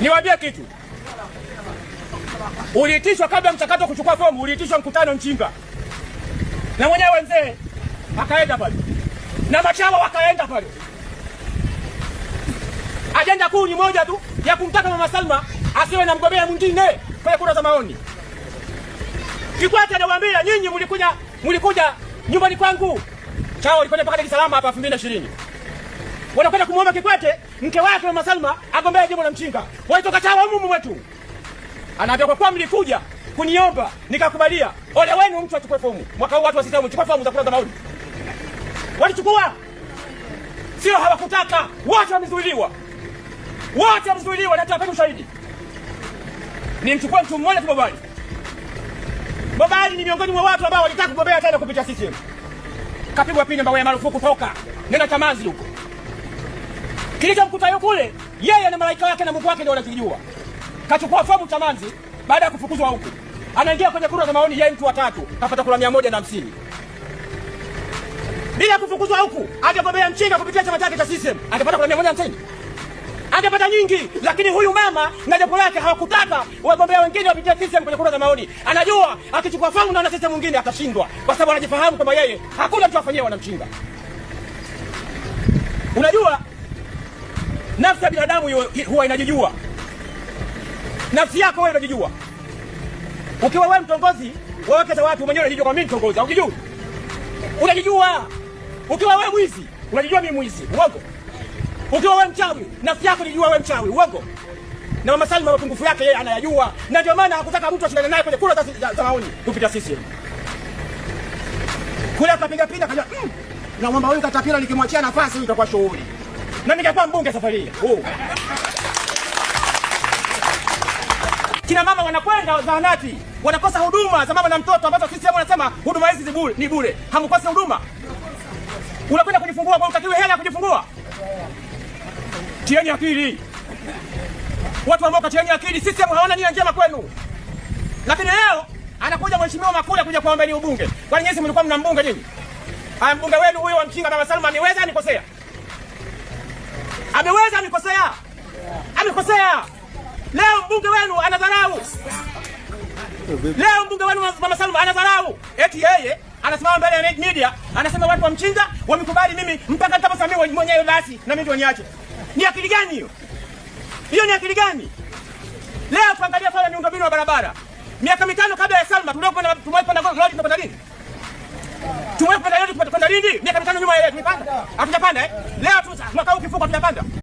Niwaambie kitu, uliitishwa kabla mchakato kuchukua fomu, uliitishwa mkutano Mchinga na mwenyewe mzee akaenda pale na machawa wakaenda pale. Ajenda kuu ni moja tu ya kumtaka mama Salma asiwe na mgombea mwingine kwenye kura za maoni. Kikwete anawaambia nyinyi, mlikuja mlikuja nyumbani kwangu, chao walikwenda mpaka Dar es Salaam hapa 2020 wanakwenda kumwomba Kikwete mke wake Mama Salma agombea jimbo la Mchinga, waitoka chawa mumu wetu. Anaambia kwa kuwa mlikuja kuniomba nikakubalia, ole wenu mtu achukue fomu mwaka huu. Watu wasitamu chukua fomu za kura za maoni, walichukua sio, hawakutaka wote, wamezuiliwa wote, wamezuiliwa na tutapata ushahidi. Nimchukua mtu mmoja tu, Bobali. Bobali ni miongoni mwa watu ambao walitaka kugombea tena kupitia sisi, kapigwa pini ambayo ya marufuku toka, nenda Chamazi huko Kilichomkuta kule yeye na malaika wake na Mungu wake ndio wanakijua. Kachukua fomu Chamanzi baada ya kufukuzwa huku, anaingia kwenye kura za maoni, yeye mtu watatu kapata kura mia moja na hamsini bila kufukuzwa huku. Angegombea Mchinga kupitia chama chake cha CCM angepata kura mia moja hamsini angepata nyingi, lakini huyu mama na jopo lake hawakutaka wagombea wengine wapitie CCM kwenye kura za maoni. Anajua akichukua fomu na wanachama mwingine atashindwa, kwa sababu anajifahamu kwamba yeye hakuna mtu afanyia wanamchinga. Unajua Nafsi ya binadamu huwa inajijua, nafsi yako wewe unajijua. Ukiwa wewe mtongozi, wawekeza watu mwenyewe unajijua, kwa mimi mtongozi, unajijua, unajijua. Ukiwa wewe mwizi, unajijua mimi mwizi, uongo. Ukiwa wewe mchawi, nafsi yako unajijua wewe mchawi, uongo. Na mama Salma mapungufu yake yeye anayajua, na ndio maana hakutaka mtu ashindane naye kwenye kura za maoni kupita sisi kule, akapiga pinda, mm, na mwamba huyu katapira, nikimwachia nafasi huyu itakuwa shughuli na ningekuwa mbunge safari hii oh. Kina mama wanakwenda zahanati wanakosa huduma za mama na mtoto ambazo hapo wanasema huduma hizi ni bure. Hamkosi huduma, unakwenda kujifungua kwa ukatiwe hela ya kujifungua. Tieni akili watu ambao katieni akili. sisi hapo hawana nia njema kwenu, lakini leo anakuja mheshimiwa Makula kuja kuomba ni ubunge. Kwani nyinyi mlikuwa mna mbunge nyinyi? Haya, ah, mbunge wenu huyo wa Mchinga mama Salma niweza nikosea Ameweza? Amekosea? Amekosea. Leo mbunge wenu anadharau, leo mbunge wenu Mama Salma anadharau, eti yeye anasimama mbele ya media anasema watu wa wamekubali mimi mpaka nitakaposamehe mwenyewe, basi na mimi waniache. Ni akili gani hiyo? Hiyo ni akili gani? Leo tuangalie swala miundombinu ya barabara. Miaka mitano kabla ya Salma tumewahi kupanda lori, tunapanda nini tumewahi Tulipanda lini? Miaka mitano nyuma ile tulipanda. Hatujapanda eh? Leo tu mwaka huu kifungo hatujapanda.